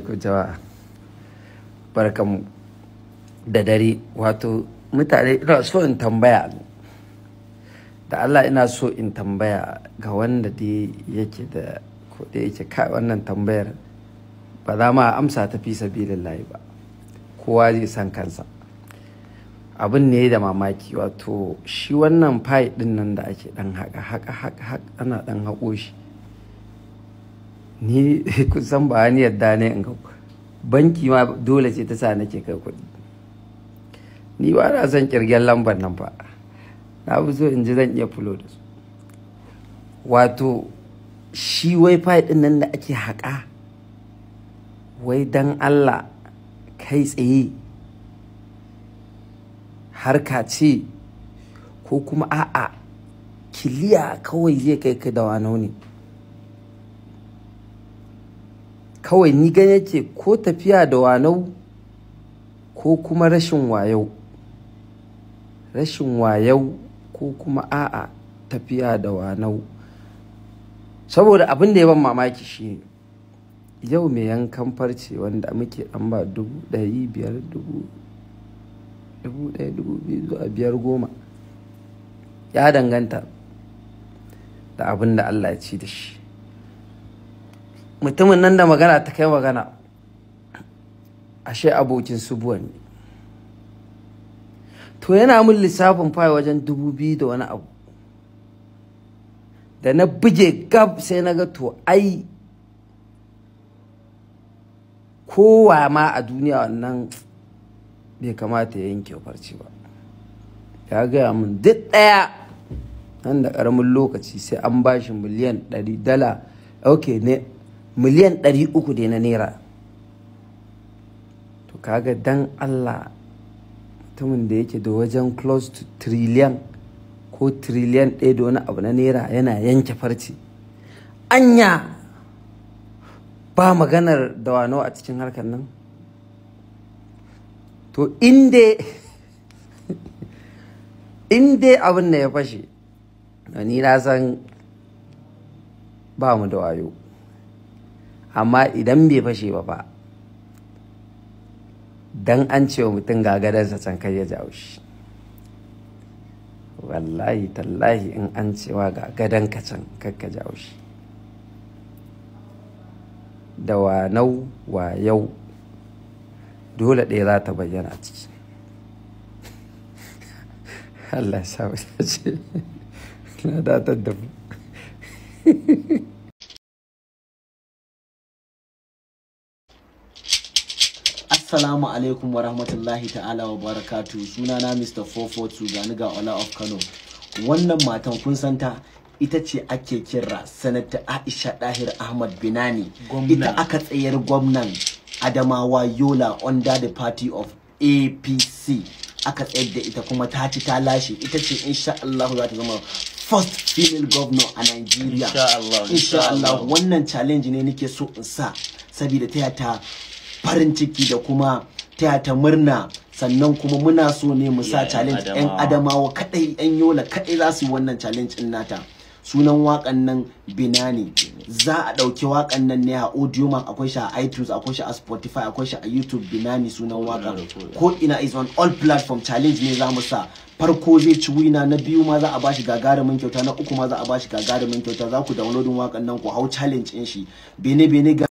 jawa barkan da dare wato mutane ina so in tambaya da Allah ina so in tambaya ga wanda dai yake da ko da yake ka wannan tambayar ba za ma amsa ta fi sabilillahi ba kowa zai san kansa abin ne da mamaki wato shi wannan fai din nan da ake dan haka haka haka ana dan hako shi ni kusan ba ni yadda ne in ga banki ma dole ce ta sa nake kai kuɗi ni ba na son kirgen lambar nan ba. na fi so in ji zan iya fulo da su wato shi wifi ɗin nan da ake haƙa wai dan allah kai tsaye harka ce ko kuma a'a kiliya kawai zai kai ka da wano kawai ni gan yake ko tafiya da wanau ko kuma rashin wayau rashin wayau ko kuma a'a tafiya da wanau saboda abin da ya ban mamaki shi yau mai yankan farce wanda muke an ba dubu ɗari biyar dubu dubu ɗaya dubu biyu zuwa biyar goma ya danganta da abin da Allah ya ci da shi mutumin nan da magana ta kai magana ashe abokin subuwa ne to yana mun lissafin fai wajen dubu biyu da wani abu da na buge gab sai na ga to ai kowa ma a duniya wannan bai kamata ya yanke farci ba ya gaya mun duk ɗaya nan da ƙaramin lokaci sai an bashi miliyan ɗari dala ok ne miliyan ɗari uku da na naira to kaga dan allah mutumin da yake da wajen close to trillion ko trillion ɗaya da wani abu na naira yana yanke farce anya ba maganar dawano a cikin harkar nan to inda inda abin da ya fashe ni na san ba mu da wayo amma idan bai fashe ba fa dan an ce wa mutum gagararsa can kai ya jawo shi wallahi tallahi in an cewa ga gadon ka can kakka jawo shi da wa nau wa yau dole ɗaya za ta bayyana ciki Allah ya sa ce na datar da mu Assalamu alaikum wa rahmatullahi ta'ala wa barakatu sunana Mr. 442 Ganiga Ola of Kano. Wannan matan kun santa ita ce ake kira sanata Aisha Dahir Ahmad Binani. Ita aka tsayar gwamnan Adamawa Yola under the party of APC. Aka tsayar da ita kuma ta ci ta lashe ita ce insha Allah za ta zama first female governor a Nigeria. Insha Allah. Insha Allah wannan challenge ne nake so in sa sabida ta ta farin ciki da kuma ta murna sannan kuma muna so ne mu sa challenge yan adamawa kadai yan yola kadai za su yi wannan challenge din nata sunan wakan nan bina ne za a ɗauki wakan nan ne a audio mark akwai shi a itunes akwai shi a spotify akwai shi a youtube bina ne sunan wakan ko ina is on all platform challenge ne za mu sa farko zai ci wina na biyu ma za a bashi gagarumin kyauta na uku ma za a bashi gagarumin kyauta za ku download wakan nan ku hau challenge din shi bene bene